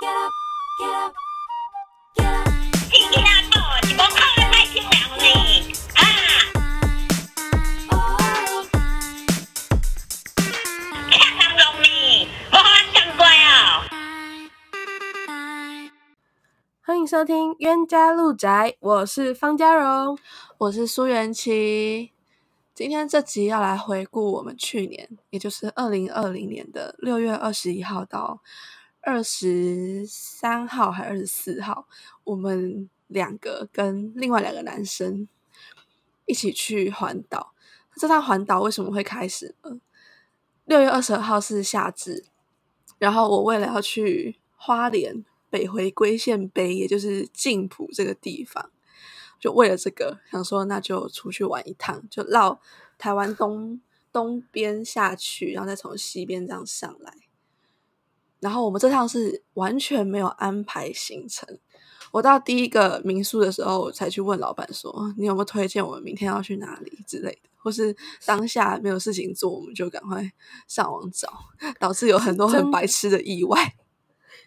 去歡迎收聽《湲家路窄》，我是放假榮，我是蘇湲淇。今天這集要來回顧我們去年，也就是二零二零年的六月二十一號到二十三號還二十四號，我們兩個跟另外兩個男生一起去環島。這趟環島為什麼會開始呢？六月二十二號是夏至，然後我為了要去花蓮北回歸線碑，也就是靜浦這個地方，就為了這個想說，那就出去玩一趟，就繞台灣東東邊下去，然後再從西邊這樣上來。然後我們這趟是完全沒有安排行程，我到第一個民宿的時候我才去問老闆說：“你有沒有推薦我們明天要去哪裡之類的？”或是當下沒有事情做，我們就趕快上網找，導致有很多很白痴的意外。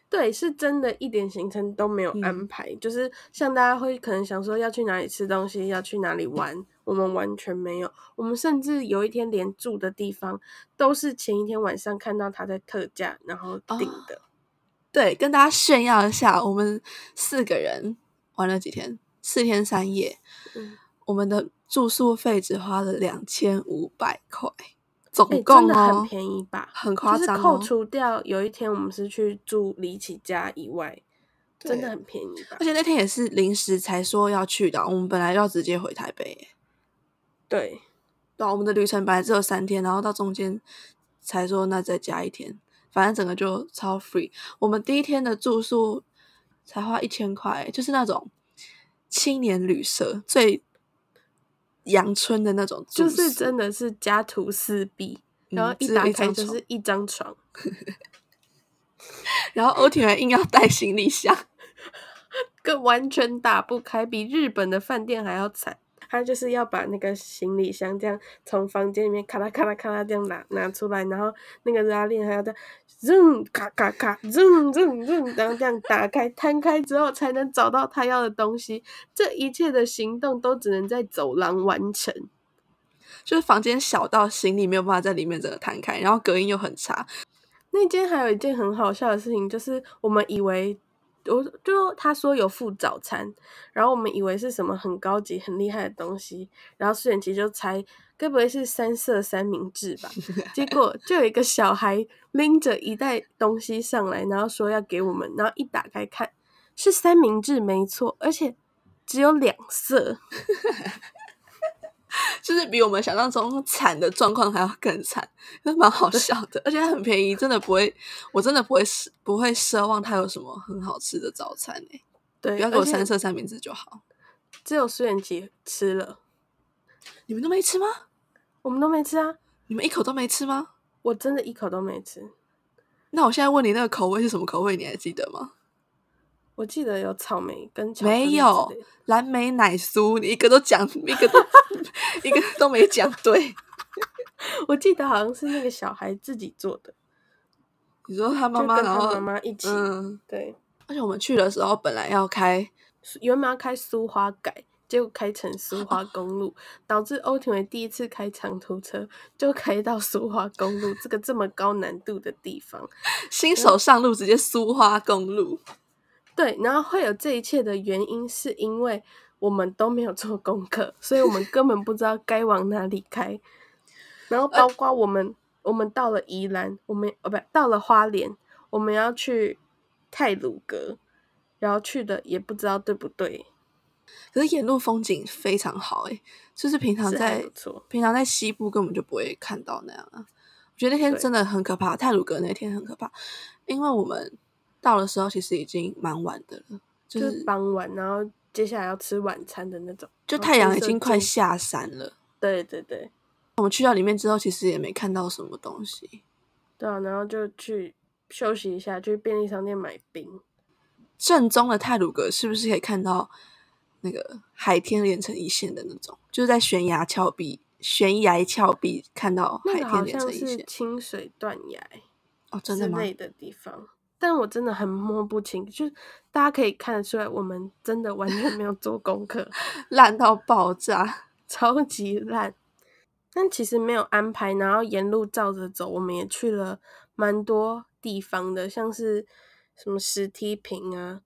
對，是真的一點行程都沒有安排，嗯、就是像大家會可能想說要去哪裡吃東西，要去哪裡玩。我們完全沒有，我們甚至有一天連住的地方都是前一天晚上看到他在特價，然後訂的。哦、對，跟大家炫耀一下，我們四個人玩了幾天，四天三夜，嗯、我們的住宿費只花了兩千五百塊，總共哦，欸、很便宜吧？很誇張、哦。扣除掉有一天我們是去住李啟家以外，對真的很便宜吧。而且那天也是臨時才說要去的，我們本來就要直接回台北。對，然後，我們的旅程本來只有三天，然後到中間才說那再加一天，反正整個就超 free。我們第一天的住宿才花一千塊，就是那種青年旅社最陽春的那種住宿，就是真的是家徒四壁，嗯、然後一打開就是一張床，張床 然後歐婷還硬要帶行李箱， 更完全打不開，比日本的飯店還要慘。他就是要把那個行李箱這樣從房間裡面咔啦咔啦咔啦這樣拿拿出來，然後那個拉鏈還要在，嗯咔咔咔，嗯嗯嗯，然後這樣打開 攤開之後才能找到他要的東西。這一切的行動都只能在走廊完成，就是房間小到行李沒有辦法在裡面整個攤開，然後隔音又很差。那間還有一件很好笑的事情，就是我們以為。我就他說有附早餐，然後我們以為是什麼很高級、很厲害的東西，然後蘇湲淇就猜該不會是三色三明治吧？結果就有一個小孩拎着一袋東西上來，然後說要給我們，然後一打開看是三明治，沒錯，而且只有兩色。 就是比我們想象中慘的狀況還要更慘，真蠻好笑的，而且很便宜，真的不會，我真的不會奢不會奢望它有什麼很好吃的早餐、欸、對，不要給我三色三明治就好。只有蘇湲淇吃了，你們都沒吃嗎？我們都沒吃啊，你們一口都沒吃嗎？我真的一口都沒吃。那我現在問你，那個口味是什麼口味？你還記得嗎？我記得有草莓跟草莓沒有草莓藍莓奶酥，你一個都講，一個都。 一個都沒講對， 我記得好像是那個小孩自己做的。你說他媽媽跟他媽媽一起，嗯、對。而且我們去的時候本來要開原來要開蘇花改，結果開成蘇花公路，哦、導致歐廷偉第一次開長途車就開到蘇花公路這個這麼高難度的地方，新手上路直接蘇花公路、嗯。對，然後會有這一切的原因，是因為。我們都沒有做功課，所以我們根本不知道該往哪裡開。然後包括我們，呃、我們到了宜蘭，我們哦不，到了花蓮，我們要去太魯閣，然後去的也不知道對不對。可是沿路風景非常好誒、欸，就是平常在平常在西部根本就不會看到那樣啊。我覺得那天真的很可怕，對太魯閣那天很可怕，因為我們到的時候其實已經蠻晚的了，就是、就是傍晚，然後。接下來要吃晚餐的那種，就太陽已經快下山了。哦、對,對對對，我們去到裡面之後，其實也沒看到什麼東西。對啊，然後就去休息一下，去便利商店買冰。正宗的太魯閣是不是可以看到那個海天連成一線的那種？就是在懸崖峭壁、懸崖峭壁看到海天連成一線。那個好像是清水斷崖哦，真的嗎？內的地方。但我真的很摸不清，就是大家可以看得出來，我們真的完全沒有做功課， 爛到爆炸，超級爛。但其實沒有安排，然後沿路照着走，我們也去了蠻多地方的，像是什麼石梯坪啊，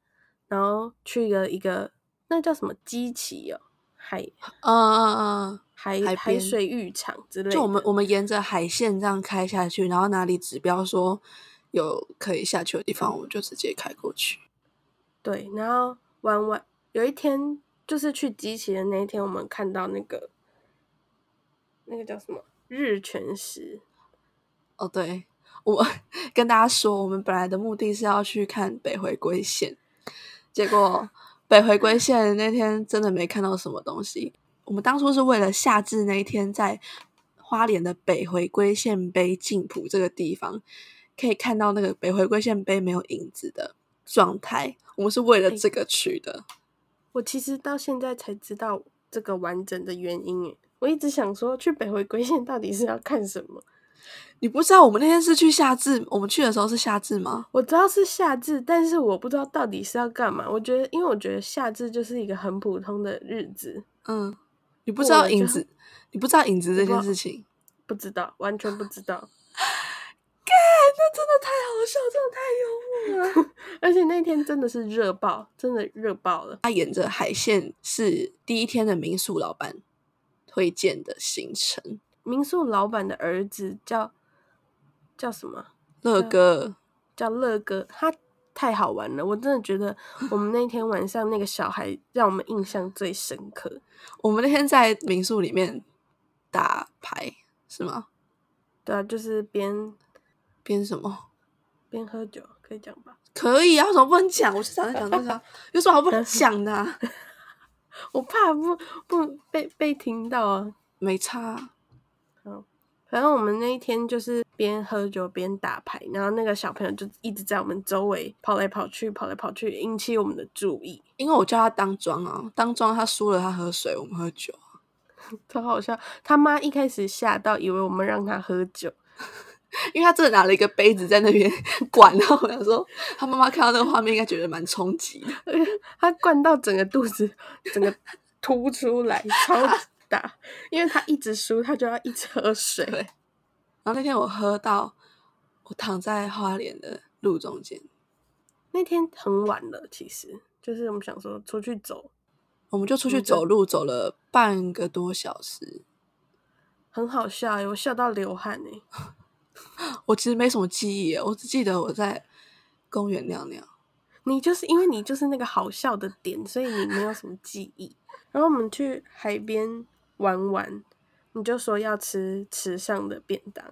然後去了一個那叫什麼磯崎哦，海啊啊啊海海邊海水浴場之類。就我們我們沿着海線這樣開下去，然後哪裡指標說。有可以下去的地方，我們就直接開過去。對，然後玩玩有一天，就是去機器的那一天，我們看到那個那個叫什麼日全食。哦，對，我跟大家說，我們本來的目的是要去看北回歸線，結果 北回歸線那天真的沒看到什麼東西。我們當初是為了夏至那一天，在花蓮的北回歸線碑靜浦這個地方。可以看到那個北回歸線碑沒有影子的狀態，我們是為了這個去的。哎，我其實到現在才知道這個完整的原因。我一直想說，去北回歸線到底是要看什麼？你不知道我們那天是去夏至，我們去的時候是夏至嗎？我知道是夏至，但是我不知道到底是要幹嘛。我覺得，因為我覺得夏至就是一個很普通的日子。嗯，你不知道影子，就你不知道，不知道影子這件事情，不知道，完全不知道。幹，那真的太好笑，真的太幽默了。 而且那天真的是熱爆，真的熱爆了。他沿着海線是第一天的民宿老闆推薦的行程。民宿老闆的兒子叫叫什麼？樂哥，叫樂哥。他太好玩了，我真的覺得我們那天晚上那個小孩讓我們印象最深刻。 我們那天在民宿裡面打牌是嗎？對啊，就是邊。邊什麼？邊喝酒可以講吧？可以啊，為什麼不能講？我是在想在講 什麼，有什麼好不能講的、啊？ 我怕不不，不被被聽到啊。沒差、啊。反正我們那一天就是邊喝酒邊打牌，然後那個小朋友就一直在我們周圍跑來跑去，跑來跑去，引起我們的注意。因為我叫他當莊啊，當莊他輸了，他喝水，我們喝酒、啊。他好像他媽一開始嚇到，以為我們讓他喝酒。因為他真的拿了一個杯子在那邊灌，然後我想說，他媽媽看到那個畫面應該覺得蠻衝擊的。他灌到整個肚子，整個凸出來， 超級大。因為他一直輸，他就要一直喝水。然後那天我喝到，我躺在花蓮的路中間。那天很晚了，其實就是我們想說出去走，我們就出去走路，走了半個多小時，很好笑、欸，我笑到流汗哎、欸。我其實沒什麼記憶耶，我只記得我在公園尿尿。你就是因為你就是那個好笑的點，所以你沒有什麼記憶。 然後我們去海邊玩玩，你就說要吃池上的便當。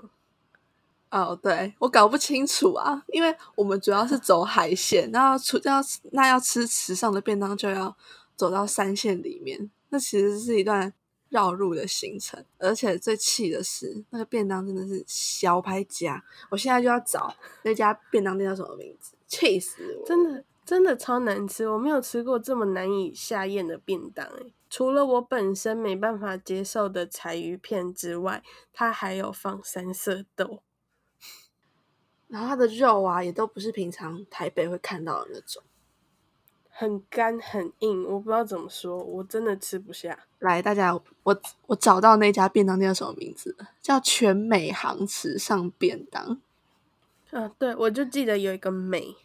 哦、oh，對，我搞不清楚啊，因為我們主要是走海線， 那要要那要吃池上的便當，就要走到山線裡面，那其實是一段繞路的行程，而且最氣的是，那個便當真的是小排家，我現在就要找那家便當店叫什麼名字，氣死我！真的真的超難吃，我沒有吃過這麼難以下咽的便當誒。除了我本身沒辦法接受的柴魚片之外，它還有放三色豆，然後它的肉啊，也都不是平常台北會看到的那種。很乾很硬，我不知道怎麼說，我真的吃不下。來，大家，我我找到那家便當店叫什麼名字？叫全美行池上便當。嗯、啊，對，我就記得有一個美。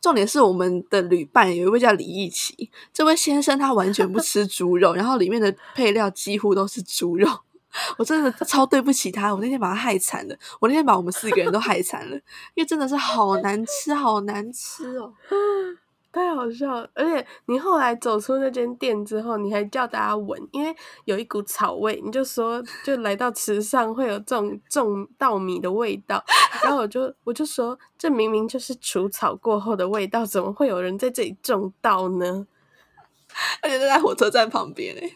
重點是我們的旅伴有一位叫李易琦，這位先生他完全不吃豬肉， 然後裡面的配料幾乎都是豬肉。我真的超對不起他，我那天把他害慘了，我那天把我們四個人都害慘了， 因為真的是好難吃，好難吃哦。 太好笑了，而且你後來走出那間店之後，你還叫大家聞，因為有一股草味，你就說就來到池上會有這種種稻米的味道， 然後我就我就說這明明就是除草過後的味道，怎麼會有人在這裡種稻呢？而且就在火車站旁邊耶，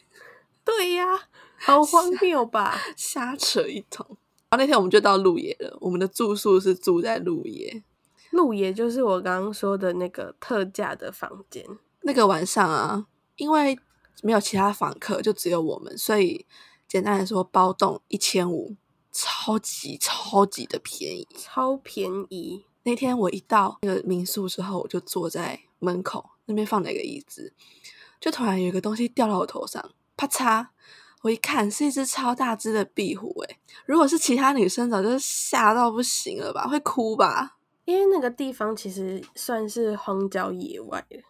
對呀、啊，好荒謬吧， 瞎扯一通。然後那天我們就到鹿野了，我們的住宿是住在鹿野。鹿野就是我剛剛說的那個特價的房間，那個晚上啊，因為沒有其他房客，就只有我們，所以簡單的說，包棟一千五，超級超級的便宜，超便宜。那天我一到那個民宿之後，我就坐在門口那邊放了一個椅子，就突然有一個東西掉到我頭上，啪嚓！我一看，是一隻超大隻的壁虎。誒。如果是其他女生，早就嚇到不行了吧，會哭吧？因為那個地方其實算是荒郊野外的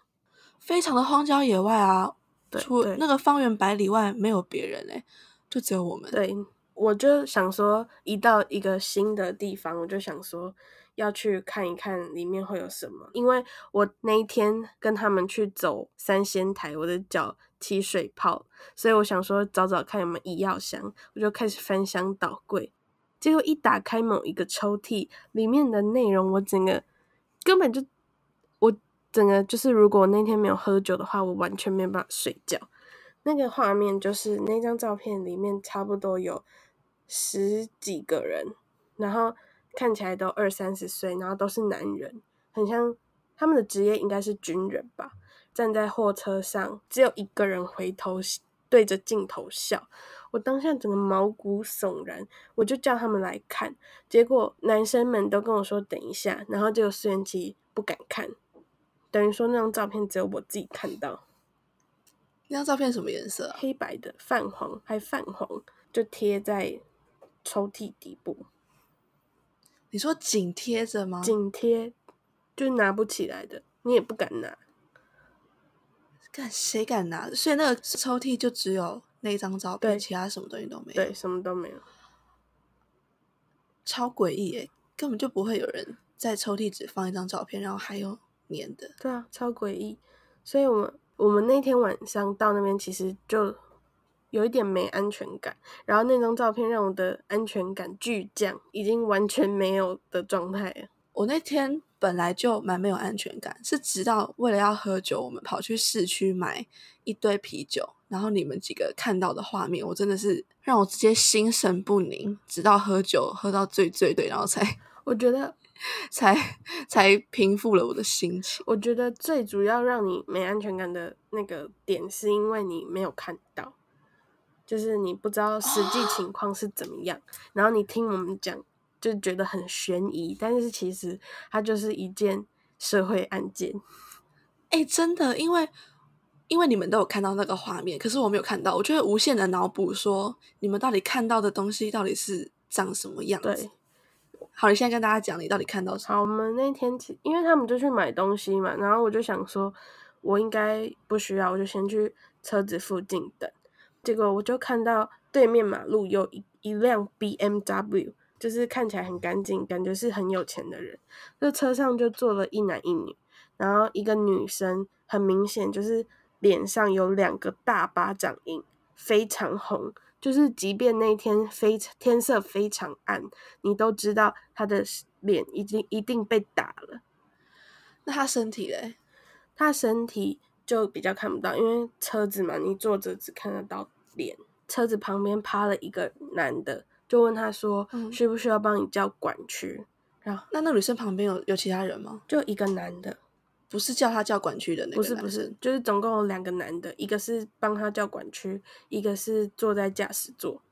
非常的荒郊野外啊，對，除對那個方圓百裡外沒有別人嘞、欸，就只有我們。對，我就想說，一到一個新的地方，我就想說要去看一看裡面會有什麼。嗯、因為我那一天跟他們去走三仙台，我的腳起水泡，所以我想說找找看有沒有醫藥箱，我就開始翻箱倒櫃。結果一打開某一個抽屜，裡面的內容，我整個根本就，我整個就是，如果那天沒有喝酒的話，我完全沒有辦法睡覺。那個畫面就是那張照片裡面，差不多有十幾個人，然後看起來都二三十歲，然後都是男人，很像他們的職業應該是軍人吧，站在貨車上，只有一個人回頭對着鏡頭笑。我當下整個毛骨悚然，我就叫他們來看，結果男生們都跟我說等一下，然後只有蘇湲淇不敢看，等於說那張照片只有我自己看到。那張照片什麼顏色啊？黑白的，泛黃還泛黃，就貼在抽屜底部。你說緊貼着嗎？緊貼，就拿不起來的，你也不敢拿。敢誰敢拿？所以那個抽屜就只有。那張照片，對其他什麼東西都沒有，對，什麼都沒有，超詭異誒，根本就不會有人在抽屜只放一張照片，然後還有粘的，對啊，超詭異，所以我們我們那天晚上到那邊，其實就有一點沒安全感，然後那張照片讓我的安全感巨降，已經完全沒有的狀態了，我那天。本來就蠻沒有安全感，是直到為了要喝酒，我們跑去市區買一堆啤酒，然後你們幾個看到的畫面，我真的是讓我直接心神不寧，直到喝酒喝到醉醉醉，然後才我覺得才才，才平復了我的心情。我覺得最主要讓你沒安全感的那個點，是因為你沒有看到，就是你不知道實際情況是怎麼樣，哦、然後你聽我們講。就覺得很懸疑，但是其實它就是一件社會案件。哎、欸，真的，因為因為你們都有看到那個畫面，可是我沒有看到。我就會無限的腦補說，你們到底看到的東西到底是長什麼樣子？對，好，你現在跟大家講，你到底看到什麼？好，我們那天起因為他們就去買東西嘛，然後我就想說，我應該不需要，我就先去車子附近等。結果我就看到對面馬路有一一輛 BMW。就是看起來很乾淨，感覺是很有錢的人。這車上就坐了一男一女，然後一個女生很明顯就是臉上有兩個大巴掌印，非常紅。就是即便那天非天色非常暗，你都知道她的臉已經一定被打了。那她身體嘞？她身體就比較看不到，因為車子嘛，你坐着只看得到臉。車子旁邊趴了一個男的。就問他說：“嗯、需不需要幫你叫管區？”然後那那女生旁邊有有其他人嗎？就一個男的，不是叫他叫管區的那個男的，不是不是，就是總共有兩個男的，一個是幫他叫管區，一個是坐在駕駛座，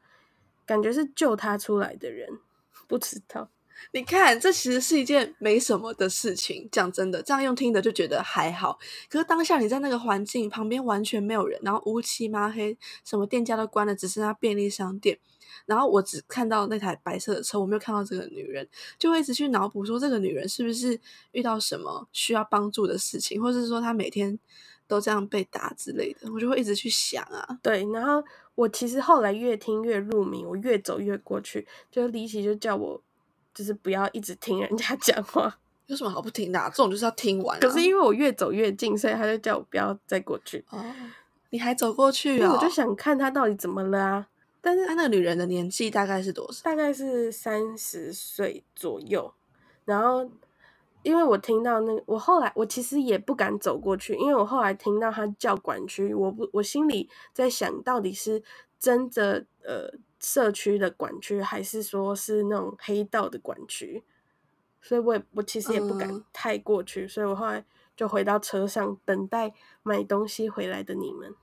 感覺是救他出來的人，不知道。 你看，這其實是一件沒什麼的事情。講真的，這樣用聽的就覺得還好。可是當下你在那個環境旁邊完全沒有人，然後烏漆抹黑，什麼店家都關了，只剩下便利商店。然後我只看到那台白色的車，我沒有看到這個女人，就會一直去腦補說這個女人是不是遇到什麼需要幫助的事情，或者是說她每天都這樣被打之類的，我就會一直去想啊。對，然後我其實後來越聽越入迷，我越走越過去，就離奇就叫我。就是不要一直聽人家講話，有什麼好不聽的啊？這種就是要聽完啊。可是因為我越走越近，所以他就叫我不要再過去。哦，你還走過去啊哦？我就想看他到底怎麼了啊！但是他那個女人的年紀大概是多少？大概是三十歲左右。然後，因為我聽到那個，我後來我其實也不敢走過去，因為我後來聽到他叫管區，我不，我心裡在想到底是真的呃。社區的管區，還是說是那種黑道的管區，所以我也，我其實也不敢太過去，嗯、所以我後來就回到車上等待買東西回來的你們。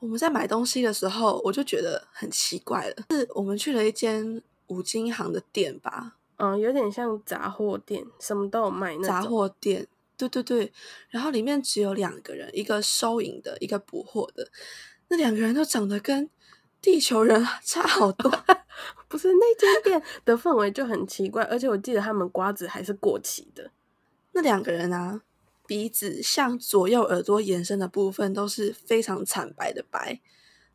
我們在買東西的時候，我就覺得很奇怪了，是我們去了一間五金行的店吧？嗯，有點像雜貨店，什麼都有賣。那雜貨店，對對對。然後裡面只有兩個人，一個收銀的，一個補貨的。那兩個人都長得跟。地球人差好多， 不是那間店的氛圍就很奇怪， 而且我記得他們瓜子還是過期的。那兩個人啊，鼻子向左右耳朵延伸的部分都是非常慘白的白，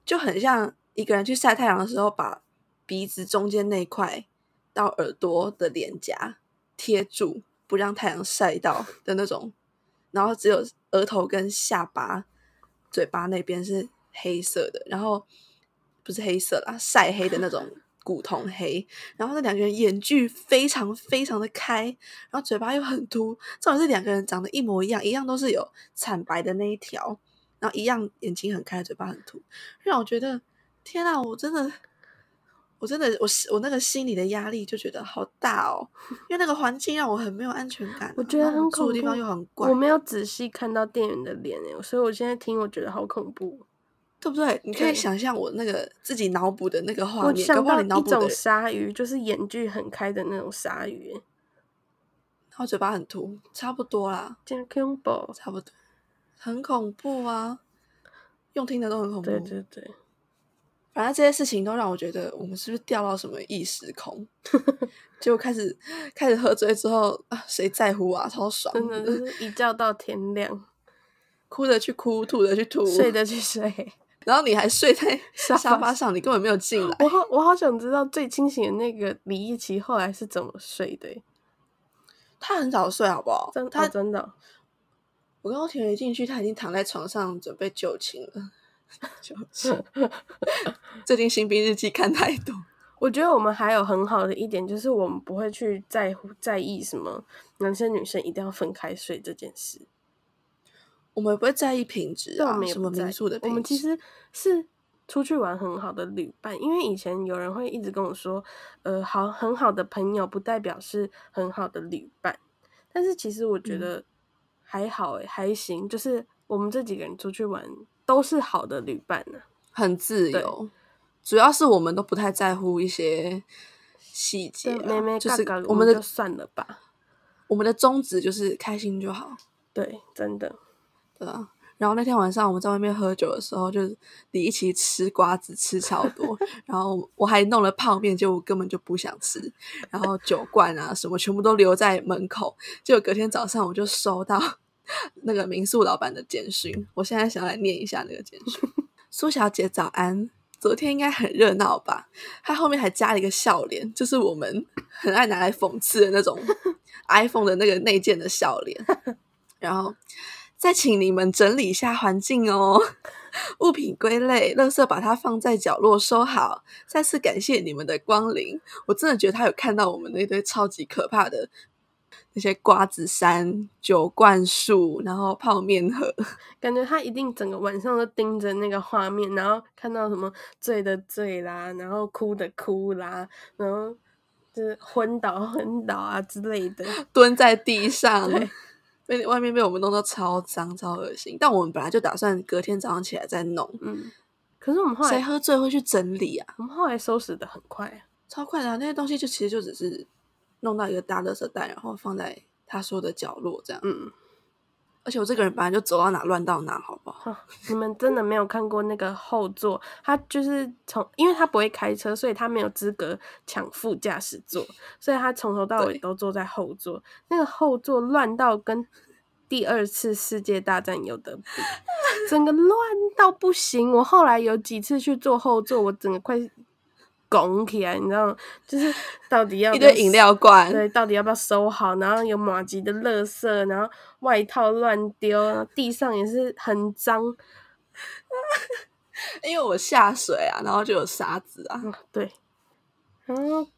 就很像一個人去曬太陽的時候，把鼻子中間那塊到耳朵的臉頰貼住，不讓太陽曬到的那種， 然後只有額頭跟下巴、嘴巴那邊是黑色的，然後。不是黑色啦，曬黑的那種古銅黑。然後那兩個人眼距非常非常的開，然後嘴巴又很凸。正好是兩個人長得一模一樣，一樣都是有慘白的那一條，然後一樣眼睛很開，嘴巴很凸，讓我覺得天啊！我真的，我真的，我我那個心理的壓力就覺得好大哦， 因為那個環境讓我很沒有安全感。我覺得很恐怖。住的地方又很怪。我沒有仔細看到店員的臉哎，所以我現在聽我覺得好恐怖。對不對？你可以想象我那個自己腦補的那個畫面，勾畫對一種鯊魚，就是眼距很開的那種鯊魚，然後嘴巴很凸，差不多啦，真恐怖，差不多，很恐怖啊！用聽的都很恐怖，對對對。反正這些事情都讓我覺得，我們是不是掉到什麼異時空？就 開始開始喝醉之後啊，誰在乎啊？超爽，真的，就是一覺到天亮，哭的去哭，吐的去吐， 睡的去睡。然後你還睡在沙發上，沙發你根本沒有進來。我好，我好想知道最清醒的那個李易齊後來是怎麼睡的。他很早睡，好不好？真他、哦、真的，我剛剛了一進去，他已經躺在床上準備就寢了。就是 最近新兵日記看太多，我覺得我們還有很好的一點，就是我們不會去在乎在意什麼男生女生一定要分開睡這件事。我們也不會在意品質啊，我們在什麼民宿的。我們其實是出去玩很好的旅伴，因為以前有人會一直跟我說，呃，好很好的朋友不代表是很好的旅伴。但是其實我覺得還好哎，嗯、還行，就是我們這幾個人出去玩都是好的旅伴呢、啊，很自由。對主要是我們都不太在乎一些細節、啊，對就是我們的我們就算了吧。我們的宗旨就是開心就好，對，真的。啊、嗯，然後那天晚上我們在外面喝酒的時候，就是你一起吃瓜子吃超多，然後我還弄了泡麵，就我根本就不想吃，然後酒罐啊，什麼全部都留在門口。結果隔天早上我就收到那個民宿老板的簡訊，我現在想來念一下那個簡訊：“蘇 小姐早安，昨天應該很熱鬧吧？”他後面還加了一個笑臉，就是我們很愛拿來諷刺的那種 iPhone 的那個內建的笑臉，然後。再請你們整理一下環境哦，物品歸類，垃圾把它放在角落收好。再次感謝你們的光臨，我真的覺得他有看到我們那堆超級可怕的那些瓜子山、酒罐樹，然後泡麵盒，感覺他一定整個晚上都盯着那個畫面，然後看到什麼醉的醉啦，然後哭的哭啦，然後就是昏倒昏倒啊之類的，蹲在地上。被外面被我們弄到超髒超噁心，但我們本來就打算隔天早上起來再弄。嗯，可是我們後來誰喝醉會去整理啊？我們後來收拾得很快，超快的啊。那些東西就其實就只是弄到一個大垃圾袋，然後放在他說的角落這樣。嗯。而且我這個人本來就走到哪亂到哪，好不好？哦，你們真的沒有看過那個後座， 他就是從，因為他不會開車，所以他沒有資格搶副駕駛座，所以他從頭到尾都坐在後座。對那個後座亂到跟第二次世界大戰有得比， 整個亂到不行。我後來有幾次去坐後座，我整個快。拱起來，你知道，就是到底要，要 一堆飲料罐，對，到底要不要收好？然後有麻糬的垃圾，然後外套亂丟，地上也是很髒。 因為我下水啊，然後就有沙子啊。嗯、對，然、嗯、後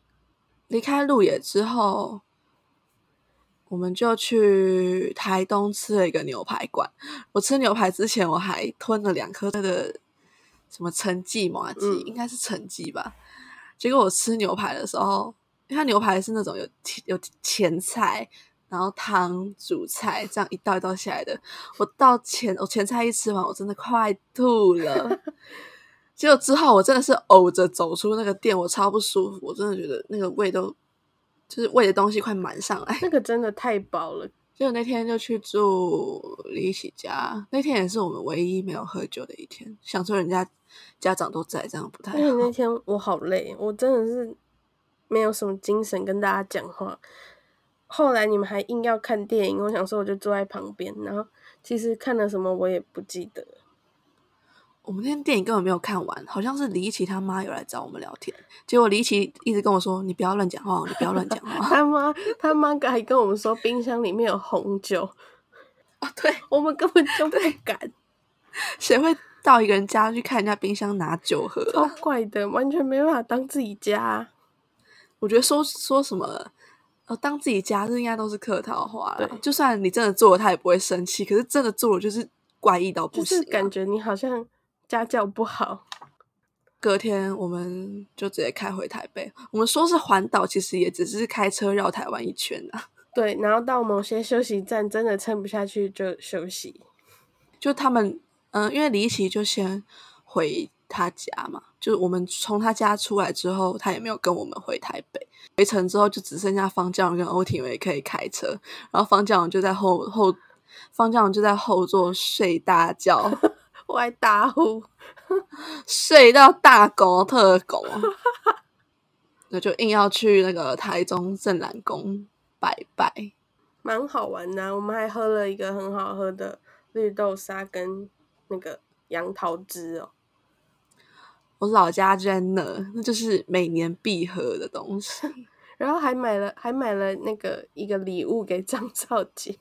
離開鹿野之後，我們就去台東吃了一個牛排館。我吃牛排之前，我還吞了兩顆的什麼陳記麻糬，嗯、應該是陳記吧。結果我吃牛排的時候，因為它牛排是那種有有前菜，然後湯、主菜這樣一道一道下來的。我到前我前菜一吃完，我真的快吐了。結果之後我真的是嘔着走出那個店，我超不舒服，我真的覺得那個胃都就是胃的東西快滿上來，那個真的太飽了。就那天就去住李喜家，那天也是我們唯一沒有喝酒的一天。想說人家家長都在，這樣不太好。因為那天我好累，我真的是沒有什麼精神跟大家講話。後來你們還硬要看電影，我想說我就坐在旁邊，然後其實看了什麼我也不記得。我們那天電影根本沒有看完，好像是李一奇他媽有來找我們聊天，結果李一奇一直跟我說：“你不要亂講話，你不要亂講話。 他媽”他媽他媽剛才跟我們說冰箱裡面有紅酒，啊、哦，對我們根本就不太敢，誰會到一個人家去看人家冰箱拿酒喝？超怪的，完全沒辦法當自己家、啊。我覺得說說什麼呃、哦、當自己家這應該都是客套話了，對就算你真的做了，他也不會生氣。可是真的做了，就是怪異到不行，就是感覺你好像。家教不好，隔天我們就直接開回台北。我們說是環島，其實也只是開車繞台灣一圈啊。對，然後到某些休息站，真的撐不下去就休息。就他們，嗯，因為李奇就先回他家嘛。就是我們從他家出來之後，他也沒有跟我們回台北。回程之後，就只剩下放假榮跟歐廷偉可以開車。然後放假榮就在後後，放假榮就在後座睡大覺。 外大呼，睡到大狗特狗，那 就硬要去那個台中正南宮拜拜，蠻好玩的。我們還喝了一個很好喝的綠豆沙跟那個楊桃汁哦。我老家就在那，那就是每年必喝的東西。 然後還買了，還買了那個一個禮物給張兆杰。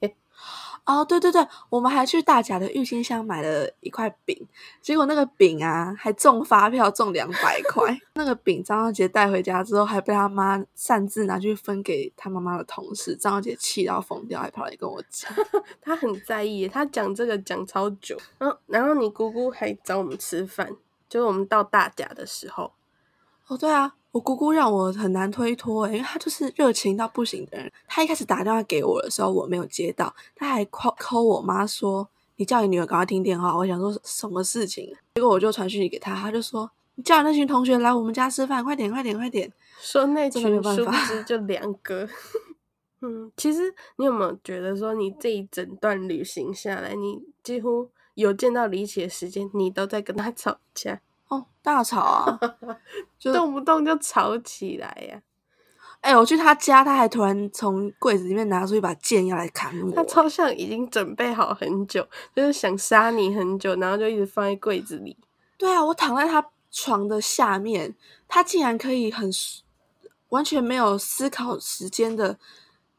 哦，oh, 對對對，我們還去大甲的鬱金香買了一塊餅，結果那個餅啊還中發票中兩百塊， 那個餅張小姐帶回家之後，還被他媽擅自拿去分給他媽媽的同事，張小姐氣到瘋掉，還跑來跟我講，她 很在意，她講這個講超久，然、哦、後然後你姑姑還找我們吃飯，就是我們到大甲的時候，哦，oh, 對啊。我姑姑讓我很難推脫，欸，誒，因為她就是熱情到不行的人。她一開始打電話給我的時候，我沒有接到，她還扣摳我媽說：“你叫你女兒趕快聽電話。”我想說什麼事情？結果我就傳訊息給她，她就說：“你叫那群同學來我們家吃飯，快點，快點，快點。”說那群樹法，就兩個。 嗯，其實你有沒有覺得說，你這一整段旅行下來，你幾乎有見到離奇的時間，你都在跟他吵架。哦，大吵啊！就 動不動就吵起來呀、啊。哎、欸，我去他家，他還突然從櫃子裡面拿出一把劍要來砍我。他超像已經準備好很久，就是想殺你很久，然後就一直放在櫃子裡。對啊，我躺在他床的下面，他竟然可以很完全沒有思考時間的，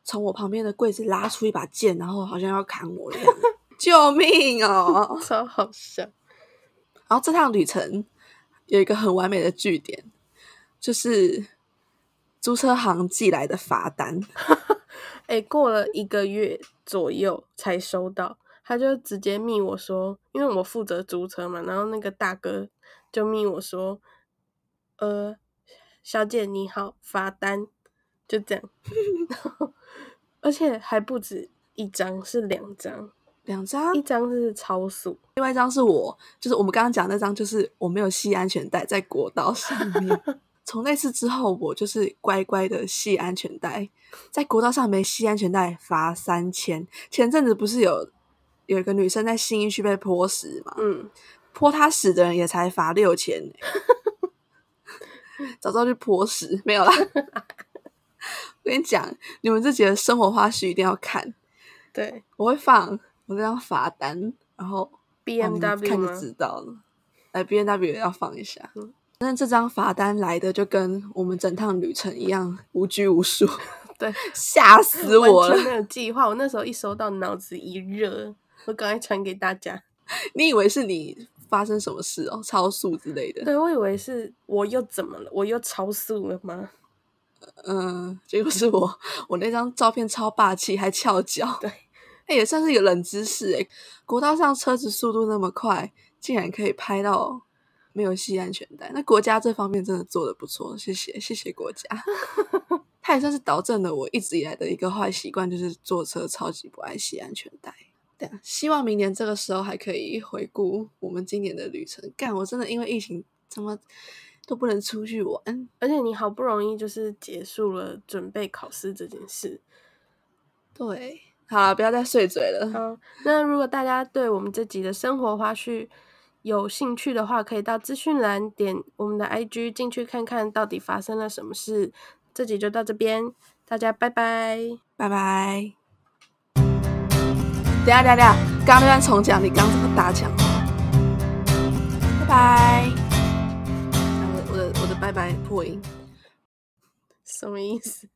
從我旁邊的櫃子拉出一把劍，然後好像要砍我一樣。 救命哦！ 超好笑。然後這趟旅程。有一個很完美的句點，就是租車行寄來的罰單。誒、 欸，過了一個月左右才收到，他就直接密我說，因為我負責租車嘛，然後那個大哥就密我說：“呃，小姐你好，罰單就這樣。 ”然後而且還不止一張，是兩張。兩張，一張是超速，另外一張是我，就是我們剛剛講的那張，就是我沒有繫安全帶在國道上面。 從那次之後，我就是乖乖的繫安全帶，在國道上沒繫安全帶罰三千。前陣子不是有有一個女生在信義區被潑屎嗎？嗯，潑她屎的人也才罰六千欸。 早知道就潑屎，沒有啦。 我跟你講，你們自己的生活花絮一定要看。對，我會放。這張罰單，然後，BMW 然後看就知道了。哎，BMW 也要放一下。那、嗯、這張罰單來的就跟我們整趟旅程一樣， 無拘無束。對，嚇死我了，沒有計劃。我那時候一收到，腦子一熱，我趕快傳給大家。你以為是你發生什麼事哦？超速之類的？對，我以為是我又怎麼了？我又超速了嗎？嗯、呃，結果是我，我那張照片超霸氣，還翹腳。對。也算是一個冷知識欸，國道上車子速度那麼快，竟然可以拍到沒有繫安全帶，那國家這方面真的做得不錯，謝謝謝謝國家。 他也算是導正了我一直以來的一個壞習慣，就是坐車超級不愛繫安全帶。對，希望明年這個時候還可以回顧我們今年的旅程。幹，我真的因為疫情怎麼都不能出去玩，而且你好不容易就是結束了準備考試這件事，對。好了、啊，不要再碎嘴了。那如果大家對我們這集的生活花絮有興趣的話，可以到資訊欄點我們的 IG 進去看看到底發生了什麼事。這集就到這邊，大家拜拜，拜拜。等等下，等下，剛剛那段重講，你剛剛怎麼打講？拜拜。我、啊、我的我的拜拜，破音。什麼意思？